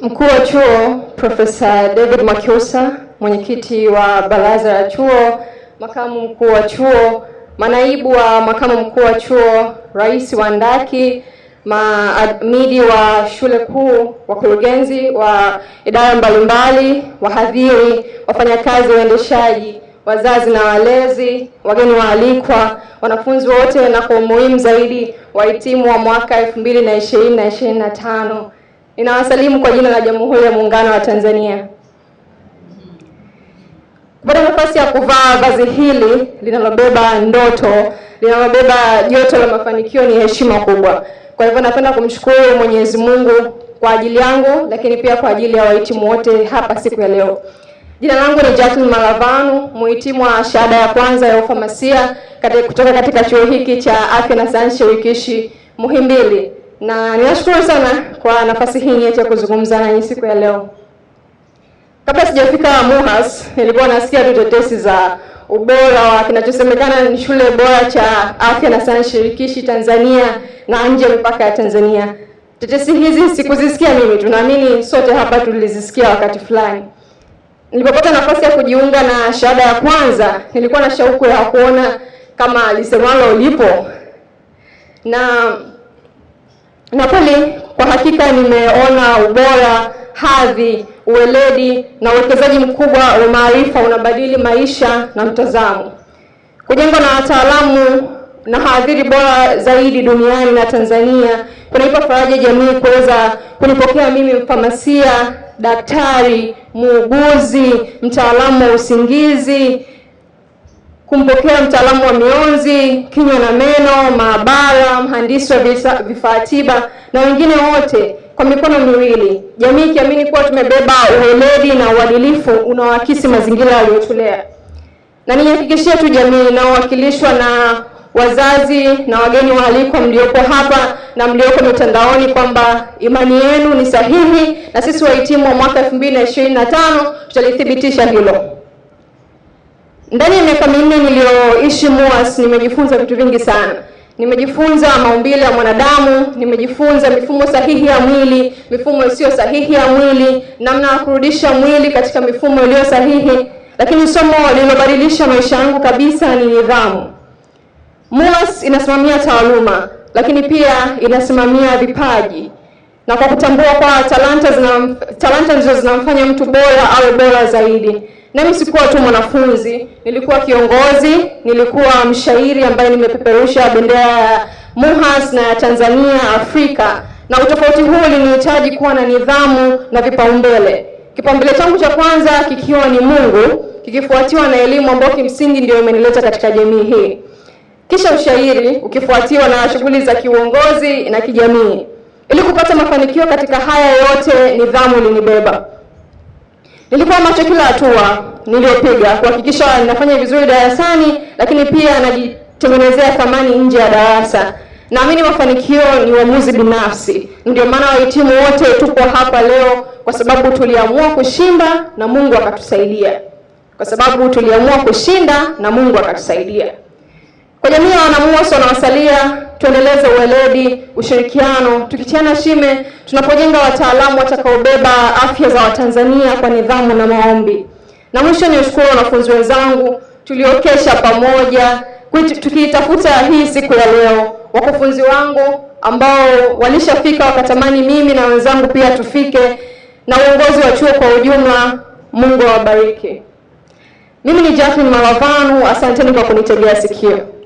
Mkuu wa chuo Profesa David makiusa mwenyekiti wa baraza la chuo, makamu mkuu wa chuo, manaibu wa makamu mkuu wa chuo, rais wa ndaki, maadmidi wa shule kuu, wakurugenzi wa idara mbalimbali, wahadhiri, wafanyakazi waendeshaji, wazazi na walezi, wageni waalikwa, wanafunzi wote na kwa umuhimu zaidi wahitimu wa mwaka elfu mbili na ishirini na ishirini na tano Ninawasalimu kwa jina la Jamhuri ya Muungano wa Tanzania. Kupata nafasi ya kuvaa vazi hili linalobeba ndoto, linalobeba joto la mafanikio ni heshima kubwa. Kwa hivyo napenda kumshukuru Mwenyezi Mungu kwa ajili yangu, lakini pia kwa ajili ya wahitimu wote hapa siku ya leo. Jina langu ni Jacqueline Malavanu, muhitimu wa shahada ya kwanza ya ufamasia kutoka katika chuo hiki cha afya na sayansi shirikishi Muhimbili na ninashukuru sana kwa nafasi hii yetu ya kuzungumza nanyi siku ya leo. Kabla sijafika MUHAS nilikuwa nasikia tu tetesi za ubora wa kinachosemekana ni shule bora cha afya na sana shirikishi Tanzania na nje ya mipaka ya Tanzania. Tetesi hizi sikuzisikia mimi, tunaamini sote hapa tulizisikia wakati fulani. Nilipopata nafasi ya kujiunga na shahada ya kwanza, nilikuwa na shauku ya kuona kama lisemalo lipo na na kweli kwa hakika nimeona ubora, hadhi, uweledi na uwekezaji mkubwa wa maarifa unabadili maisha na mtazamo, kujengwa na wataalamu na hadhiri bora zaidi duniani na Tanzania kunaipa faraja jamii kuweza kunipokea mimi mfamasia, daktari, muuguzi, mtaalamu wa usingizi kumpokea mtaalamu wa mionzi, kinywa na meno, maabara, mhandisi wa vifaa tiba na wengine wote kwa mikono miwili, jamii ikiamini kuwa tumebeba ueledi na uadilifu unaoakisi mazingira yaliyotulea. Na nihakikishie tu jamii inayowakilishwa na wazazi na wageni waalikwa mlioko hapa na mlioko mitandaoni kwamba imani yenu ni sahihi, na sisi wahitimu wa mwaka 2025 tutalithibitisha hilo. Ndani ya miaka minne niliyoishi MUHAS nimejifunza vitu vingi sana. Nimejifunza maumbile ya mwanadamu, nimejifunza mifumo sahihi ya mwili, mifumo isiyo sahihi ya mwili, namna ya kurudisha mwili katika mifumo iliyo sahihi, lakini somo lililobadilisha maisha yangu kabisa ni nidhamu. MUHAS inasimamia taaluma, lakini pia inasimamia vipaji na kwa kutambua kwa talanta zina talanta ndizo zinamfanya mtu bora awe bora zaidi. Nami sikuwa tu mwanafunzi, nilikuwa kiongozi, nilikuwa mshairi ambaye nimepeperusha bendera ya MUHAS na ya Tanzania, Afrika, na utofauti huu ulinihitaji kuwa na nidhamu na vipaumbele. Kipaumbele changu cha kwanza kikiwa ni Mungu, kikifuatiwa na elimu ambayo kimsingi ndio imenileta katika jamii hii, kisha ushairi ukifuatiwa na shughuli za kiuongozi na kijamii. Ili kupata mafanikio katika haya yote, nidhamu ilinibeba. Nilikuwa macho kila hatua niliyopiga kuhakikisha ninafanya vizuri darasani, lakini pia najitengenezea thamani nje ya darasa. Naamini mafanikio ni uamuzi binafsi. Ndio maana wahitimu wote tuko hapa leo, kwa sababu tuliamua kushinda na Mungu akatusaidia, kwa sababu tuliamua kushinda na Mungu akatusaidia. Kwa jamii ya Wanamuosi tuendeleze uweledi, ushirikiano, tukitiana shime, tunapojenga wataalamu watakaobeba afya za Watanzania kwa nidhamu na maombi. Na mwisho ni ushukuru wanafunzi wenzangu tuliokesha pamoja tukiitafuta hii siku ya leo, wakufunzi wangu ambao walishafika wakatamani mimi na wenzangu pia tufike, na uongozi wa chuo kwa ujumla. Mungu awabariki. Mimi ni Jacqueline Malavanu, asanteni kwa kunitegea sikio.